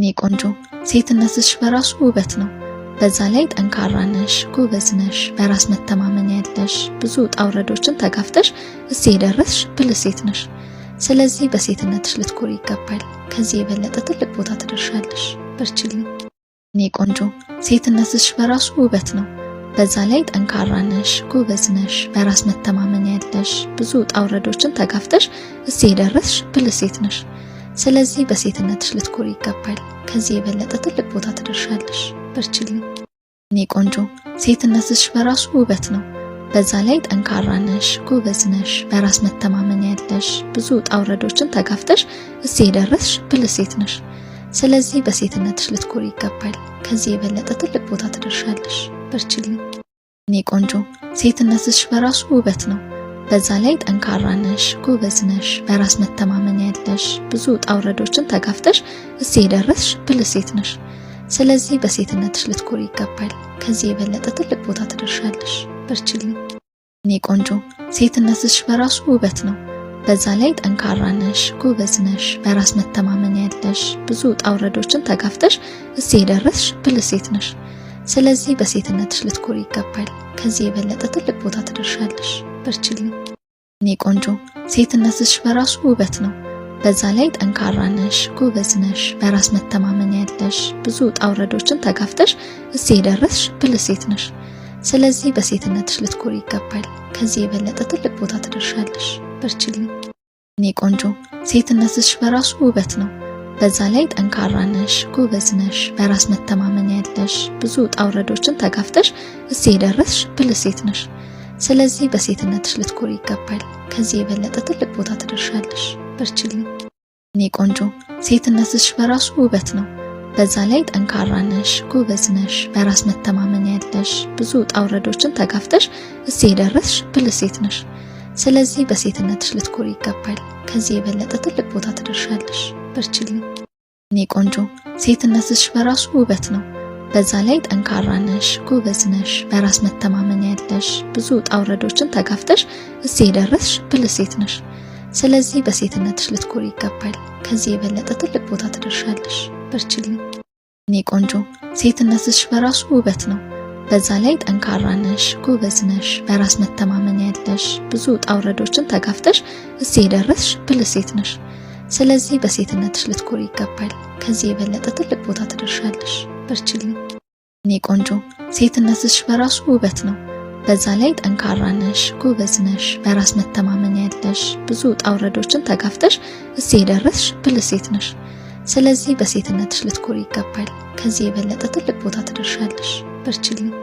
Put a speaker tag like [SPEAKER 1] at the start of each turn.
[SPEAKER 1] እኔ ቆንጆ ሴትነትሽ በራሱ ውበት ነው። በዛ ላይ ጠንካራ ነሽ፣ ጎበዝ ነሽ፣ በራስ መተማመን ያለሽ፣ ብዙ ውጣ ውረዶችን ተጋፍተሽ እዚህ የደረስሽ ብልህ ሴት ነሽ። ስለዚህ በሴትነትሽ ልትኮሪ ይገባል። ከዚህ የበለጠ ትልቅ ቦታ ትደርሻለሽ። በርችልኝ። እኔ ቆንጆ ሴትነትሽ በራሱ ውበት ነው። በዛ ላይ ጠንካራ ነሽ፣ ጎበዝ ነሽ፣ በራስ መተማመን ያለሽ፣ ብዙ ውጣ ውረዶችን ተጋፍተሽ እዚህ የደረስሽ ብልህ ሴት ነሽ። ስለዚህ በሴትነትሽ ልትኮሪ ይገባል። ከዚህ የበለጠ ትልቅ ቦታ ትደርሻለሽ። በርችልኝ እኔ ቆንጆ። ሴትነትሽ በራሱ ውበት ነው። በዛ ላይ ጠንካራ ነሽ፣ ጎበዝ ነሽ፣ በራስ መተማመን ያለሽ፣ ብዙ ውጣ ውረዶችን ተጋፍተሽ እዚህ የደረስሽ ብልህ ሴት ነሽ። ስለዚህ በሴትነትሽ ልትኮሪ ይገባል። ከዚህ የበለጠ ትልቅ ቦታ ትደርሻለሽ። በርችልኝ እኔ ቆንጆ። ሴትነትሽ በራሱ ውበት ነው። በዛ ላይ ጠንካራ ነሽ፣ ጎበዝ ነሽ፣ በራስ መተማመን ያለሽ፣ ብዙ ውጣ ውረዶችን ተጋፍተሽ እዚህ የደረስሽ ብልህ ሴት ነሽ። ስለዚህ በሴትነትሽ ልትኮሪ ይገባል። ከዚህ የበለጠ ትልቅ ቦታ ትደርሻለሽ። በርችልኝ እኔ ቆንጆ። ሴትነትሽ በራሱ ውበት ነው። በዛ ላይ ጠንካራ ነሽ፣ ጎበዝ ነሽ፣ በራስ መተማመን ያለሽ፣ ብዙ ውጣ ውረዶችን ተጋፍተሽ እዚህ የደረስሽ ብልህ ሴት ነሽ። ስለዚህ በሴትነትሽ ልትኮሪ ይገባል። ከዚህ የበለጠ ትልቅ ቦታ ትደርሻለሽ። ነበርችልኝ። እኔ ቆንጆ ሴትነትሽ በራሱ ውበት ነው። በዛ ላይ ጠንካራ ነሽ፣ ጎበዝ ነሽ፣ በራስ መተማመን ያለሽ፣ ብዙ ውጣ ውረዶችን ተጋፍተሽ እዚህ የደረስሽ ብልህ ሴት ነሽ። ስለዚህ በሴትነትሽ ልትኮር ይገባል። ከዚህ የበለጠ ትልቅ ቦታ ትደርሻለሽ። በርችልኝ። እኔ ቆንጆ ሴትነትሽ በራሱ ውበት ነው። በዛ ላይ ጠንካራ ነሽ፣ ጎበዝ ነሽ፣ በራስ መተማመን ያለሽ፣ ብዙ ውጣ ውረዶችን ተጋፍተሽ እዚህ የደረስሽ ብልህ ሴት ነሽ። ስለዚህ በሴትነትሽ ልትኮሪ ይገባል። ከዚህ የበለጠ ትልቅ ቦታ ትደርሻለሽ። በርችልኝ እኔ ቆንጆ። ሴትነትሽ በራሱ ውበት ነው። በዛ ላይ ጠንካራ ነሽ፣ ጎበዝ ነሽ፣ በራስ መተማመን ያለሽ፣ ብዙ ውጣ ውረዶችን ተጋፍተሽ እዚህ የደረስሽ ብልህ ሴት ነሽ። ስለዚህ በሴትነትሽ ልትኮሪ ይገባል። ከዚህ የበለጠ ትልቅ ቦታ ትደርሻለሽ። በርችልኝ እኔ ቆንጆ። ሴትነትሽ በራሱ ውበት ነው። በዛ ላይ ጠንካራ ነሽ፣ ጎበዝ ነሽ፣ በራስ መተማመን ያለሽ፣ ብዙ ውጣ ውረዶችን ተጋፍተሽ እዚህ የደረስሽ ብልህ ሴት ነሽ። ስለዚህ በሴትነትሽ ልትኮሪ ይገባል። ከዚህ የበለጠ ትልቅ ቦታ ትደርሻለሽ። በርችልኝ እኔ ቆንጆ። ሴትነትሽ በራሱ ውበት ነው። በዛ ላይ ጠንካራ ነሽ፣ ጎበዝ ነሽ፣ በራስ መተማመን ያለሽ፣ ብዙ ውጣ ውረዶችን ተጋፍተሽ እዚህ የደረስሽ ብልህ ሴት ነሽ። ስለዚህ በሴትነትሽ ልትኮሪ ይገባል። ከዚህ የበለጠ ትልቅ ቦታ ትደርሻለሽ። በርችልኝ እኔ ቆንጆ ሴትነትሽ በራሱ ውበት ነው። በዛ ላይ ጠንካራ ነሽ፣ ጎበዝ ነሽ፣ በራስ መተማመን ያለሽ፣ ብዙ ውጣ ውረዶችን ተጋፍተሽ እዚህ የደረስሽ ብልህ ሴት ነሽ። ስለዚህ በሴትነትሽ ልትኮሪ ይገባል። ከዚህ የበለጠ ትልቅ ቦታ ትደርሻለሽ። በርችልኝ።